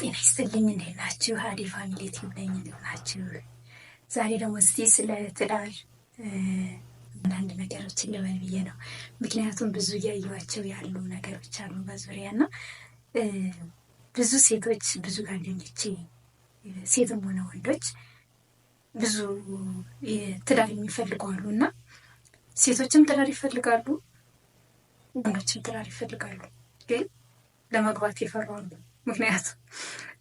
ጤና ይስጥልኝ። እንዴት ናችሁ? ሀዲ ፋሚሊ ቲዩብ ነኝ። እንዴት ናችሁ? ዛሬ ደግሞ እስቲ ስለ ትዳር አንዳንድ ነገሮችን ልበል ብዬ ነው። ምክንያቱም ብዙ እያየኋቸው ያሉ ነገሮች አሉ በዙሪያ እና ብዙ ሴቶች ብዙ ጓደኞቼ ሴትም ሆነ ወንዶች ብዙ ትዳር የሚፈልጉ እና ሴቶችም ትዳር ይፈልጋሉ፣ ወንዶችም ትዳር ይፈልጋሉ፣ ግን ለመግባት ይፈራሉ። ምክንያቱም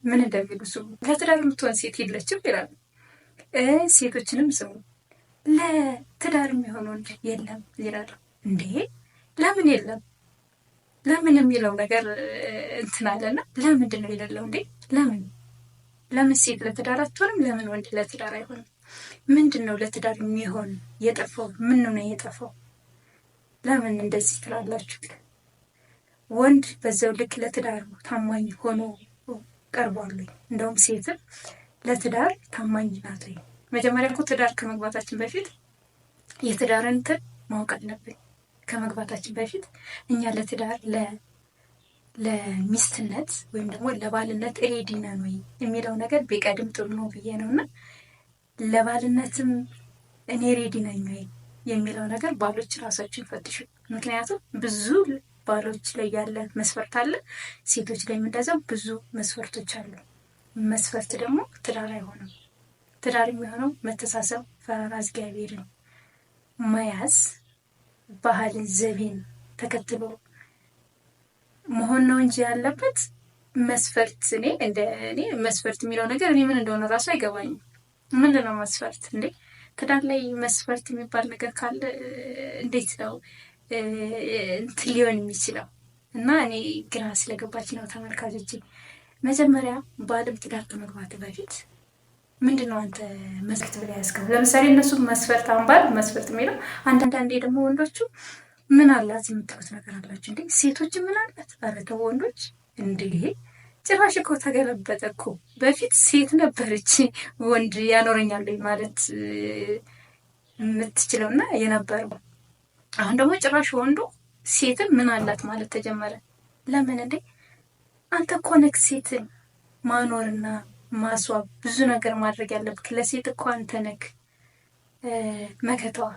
ምን እንደሚሉ ስሙ። ለትዳር የምትሆን ሴት የለችም ይላሉ። ሴቶችንም ስሙ፣ ለትዳር የሚሆን ወንድ የለም ይላሉ። እንዴ ለምን የለም? ለምን የሚለው ነገር እንትን አለና ለምንድን ነው የሌለው? እንዴ ለምን ለምን ሴት ለትዳር አትሆንም? ለምን ወንድ ለትዳር አይሆንም? ምንድን ነው ለትዳር የሚሆን የጠፋው? ምን ነው የጠፋው? ለምን እንደዚህ ትላላችሁ? ወንድ በዛው ልክ ለትዳር ታማኝ ሆኖ ቀርቧል። እንደውም ሴትም ለትዳር ታማኝ ናት። መጀመሪያ እኮ ትዳር ከመግባታችን በፊት የትዳርን እንትን ማወቅ አለብን። ከመግባታችን በፊት እኛ ለትዳር ለሚስትነት ወይም ደግሞ ለባልነት ሬዲ ነን ወይ የሚለው ነገር ቢቀድም ጥሩ ነው ብዬ ነው እና ለባልነትም እኔ ሬዲ ነኝ ወይ የሚለው ነገር ባሎች ራሳችን ፈትሹ ምክንያቱም ብዙ ባሎች ላይ ያለ መስፈርት አለ። ሴቶች ላይ የምንዳዘው ብዙ መስፈርቶች አሉ። መስፈርት ደግሞ ትዳር አይሆንም። ትዳር የሚሆነው መተሳሰብ፣ ፈራራ እግዚአብሔርን መያዝ፣ ባህልን ዘቤን ተከትሎ መሆን ነው እንጂ ያለበት መስፈርት እኔ እንደ እኔ መስፈርት የሚለው ነገር እኔ ምን እንደሆነ እራሱ አይገባኝም። ምንድነው መስፈርት እንዴ? ትዳር ላይ መስፈርት የሚባል ነገር ካለ እንዴት ነው እንትን ሊሆን የሚችለው እና እኔ ግራ ስለገባች ነው። ተመልካቾች መጀመሪያ በአለም ትዳር ከመግባት በፊት ምንድን ነው አንተ መስፈርት ብላ ያስገቡ። ለምሳሌ እነሱ መስፈርት አንባል መስፈርት የሚለው አንዳንዳንዴ ደግሞ ወንዶቹ ምን አላት የምታዩት ነገር አላቸው እንዴ! ሴቶች ምን አላት አረተው ወንዶች እንዴ! ጭራሽ እኮ ተገለበጠ እኮ። በፊት ሴት ነበረች ወንድ ያኖረኛል ማለት እና የነበረው አሁን ደግሞ ጭራሽ ወንዱ ሴትን ምን አላት ማለት ተጀመረ። ለምን እንዴ አንተ ኮነክ ሴትን ማኖርና ማስዋብ ብዙ ነገር ማድረግ ያለብክ ለሴት እኮ አንተ ነክ መከተዋ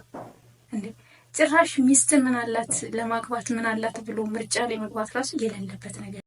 እንዴ ጭራሽ ሚስት ምን አላት ለማግባት ምን አላት ብሎ ምርጫ ላይ መግባት ራሱ የሌለበት ነገር